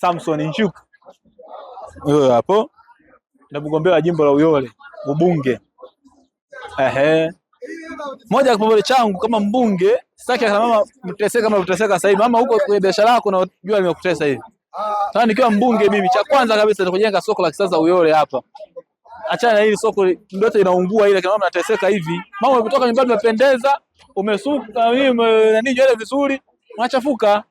Samson Njuku huyo hapo na mgombea wa jimbo la Uyole ubunge. Ehe, moja kwa kipaumbele changu kama mbunge, sitaki kama mama mteseke kama mteseka sasa hivi. Mama huko kwenye biashara yako na jua nimekutesa hivi. Sasa nikiwa mbunge mimi, cha kwanza kabisa ni kujenga soko la kisasa Uyole hapa. Achana na hili soko ndoto inaungua ile, kama mama nateseka hivi. Mama umetoka nyumbani umependeza, umesuka, eh, nani nywele vizuri, unachafuka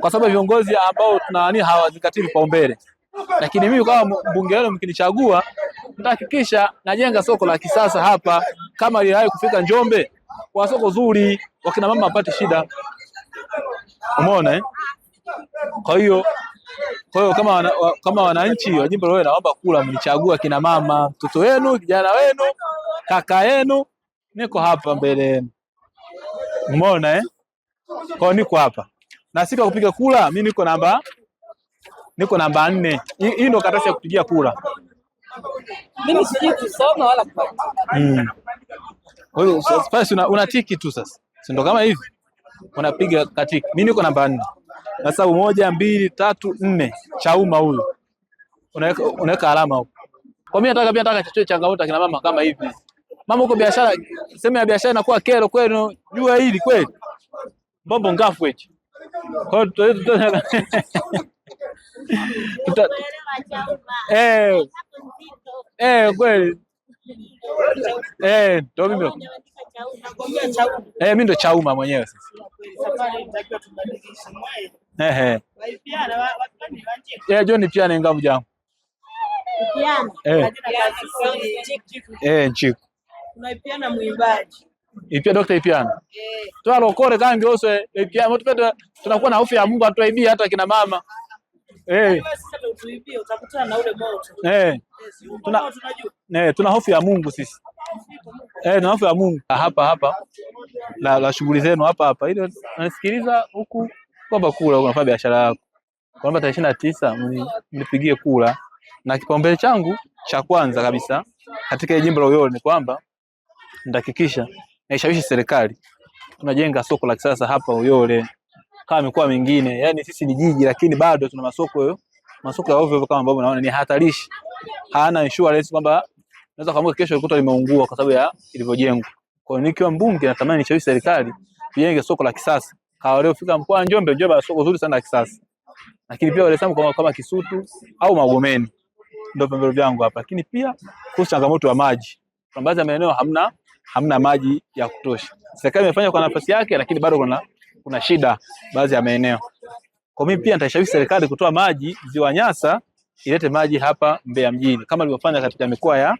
kwa sababu viongozi ambao tunawani hawazingatii vipaumbele. Lakini mimi kama mbunge wenu mkinichagua, nitahakikisha najenga soko la kisasa hapa kama liliwahi kufika Njombe, kwa soko zuri, wakina mama wapate shida. Umeona eh? Kwa hiyo kwa hiyo kama wana, kama wananchi wa jimbo lolote, naomba kula mnichagua kina mama, mtoto wenu, kijana wenu, kaka yenu, niko hapa mbele yenu. Umeona eh? Kwa niko hapa na siku ya kupiga kura mi niko namba niko namba nne. Hii ndo karatasi ya kupigia kura. Mimi sijui kusoma wala kuandika. Mm. Kwa hiyo sasa una tiki tu sasa, si ndo Kama hivi unapiga katiki. Mi niko namba nne. Sasa moja, mbili, tatu, nne, chauma huyu unaweka unaweka alama huko. Kwa mimi nataka pia nataka chochote changamoto kina mama kama hivi. Mama huko biashara, sema ya biashara inakuwa kero kwenu, jua hili kweli. Mbombo ngafu hichi. Kwa eh eh kweli eh, ndio mimi eh, mimi ndo chauma mwenyewe sasa. Eh eh, John pia nainga mjangu eh chiku. nchiku unaipiana mwimbaji ipia dokta ipiana toa lokore kambi ose ipia mtu pete, tunakuwa na hofu ya Mungu atuaibia hata kina mama eh eh, tuna eh, tuna hofu ya Mungu sisi eh, tuna hofu ya Mungu ah, hapa hapa la, la shughuli zenu hapa hapa, ili nasikiliza huku kwamba kula unafanya biashara yako kwamba tarehe ishirini na tisa mnipigie kula, na kipaumbele changu cha kwanza kabisa katika jimbo la Uyole ni kwamba nitahakikisha naishawishi serikali tunajenga soko la kisasa hapa Uyole kama mikoa mingine. Yani sisi ni jiji, lakini bado tuna masoko hayo, masoko ya ovyo kama ambavyo naona ni hatarishi, hana insurance kwamba naweza kuamka kesho ikuta limeungua kwa sababu ya ilivyojengwa. Kwa hiyo nikiwa mbunge natamani nishawishi serikali tujenge soko la kisasa. kama leo fika mkoa wa Njombe, Njombe ana soko zuri sana la kisasa, lakini pia wale kama, kama Kisutu au Magomeni ndio pembelo vyangu hapa, lakini pia kuhusu changamoto ya maji, kwa baadhi ya maeneo hamna hamna maji ya kutosha. Serikali imefanya kwa nafasi yake, lakini bado kuna, kuna shida baadhi ya maeneo. Kwa mimi pia nitaishawishi serikali kutoa maji ziwa Nyasa, ilete maji hapa Mbeya mjini kama ilivyofanya katika mikoa ya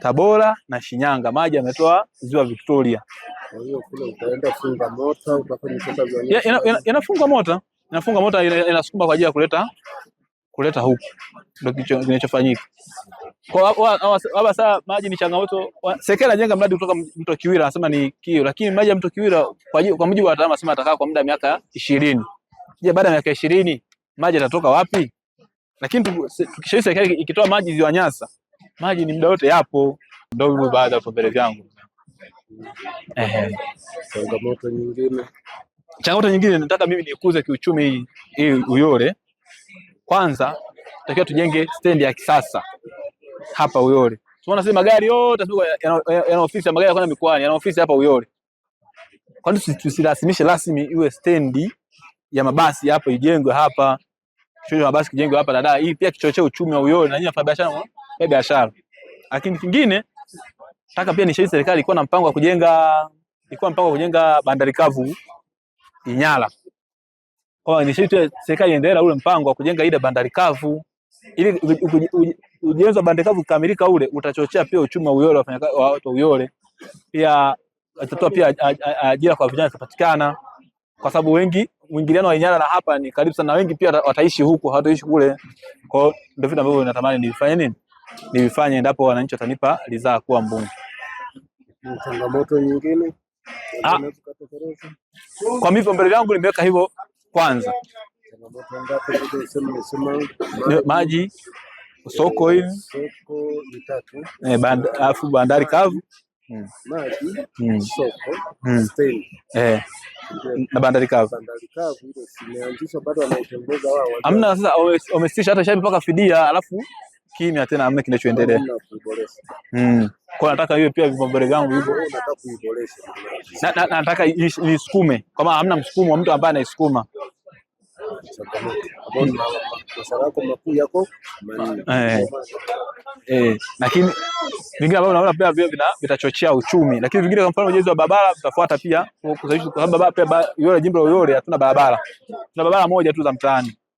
Tabora na Shinyanga, maji yametoa ziwa Victoria. Kwa hiyo kule utaenda inafunga mota, inafunga mota inasukuma kwa ajili ya kuleta kuleta huku, ndio kinachofanyika. Kwa sasa maji ni changamoto. Serikali inajenga mradi kutoka mto Kiwira, anasema ni kio, lakini maji ya mto Kiwira kwa kwa mujibu wa wataalamu anasema atakaa kwa muda miaka 20. Je, baada ya miaka 20 maji yatatoka wapi? Lakini tukishauri serikali ikitoa maji ziwa Nyasa, maji ni muda wote yapo. Ndio hivyo, baada ya vipaumbele vyangu. Eh, changamoto nyingine, changamoto nyingine nataka mimi nikuze kiuchumi hii Uyole. Kwanza tutakiwa tujenge stendi ya kisasa hapa Uyole. Tunaona sasa magari yote yana ofisi ya magari yanakwenda mikoani, yana ofisi hapa Uyole. Kwa nini tusirasimishe rasmi iwe stendi ya mabasi hapa ijengwe hapa, chuo cha mabasi kijengwe hapa dada, hii pia kichochea uchumi wa Uyole na nyinyi wafanya biashara na biashara. Lakini kingine taka pia nishauri serikali ilikuwa na mpango wa kujenga ilikuwa mpango wa kujenga bandari kavu Inyala. Kwa hiyo nishauri serikali iendelee ule mpango wa kujenga ile bandari kavu ili ujenzi wa bandikavu ukikamilika ule utachochea pia uchumi wa Uyole, wafanyakazi wa watu wa Uyole, pia atatoa pia ajira kwa vijana zitapatikana, kwa sababu wengi mwingiliano wa Inyala na hapa ni karibu sana, wengi pia wataishi huku, hawataishi kule. Kwa hiyo ndio vitu ambavyo natamani nivifanye nini, nivifanye endapo wananchi watanipa ridhaa kuwa mbunge. Changamoto nyingine ah. kwa mimi, mbele yangu nimeweka hivyo kwanza maji, soko eh, hivi soko vitatu, eh, afu bandari kavu hmm. Maji, hmm. Soko, hmm. Eh. Na bandari kavu hamna. Sasa wamesitisha hata shabi mpaka fidia, alafu kimya tena, amna kinachoendelea. Mm. Kwa nataka hiyo pia vipombele vyangu hivyo, nataka kuiboresha, nataka nisukume, kama hamna msukumo, mtu ambaye anaisukuma lakini vingine ambavyo naona pia vitachochea uchumi, lakini vingine kwa mfano ujenzi wa barabara tutafuata pia, kwa sababu pia yule jimbo la Uyole hatuna barabara, tuna barabara moja tu za mtaani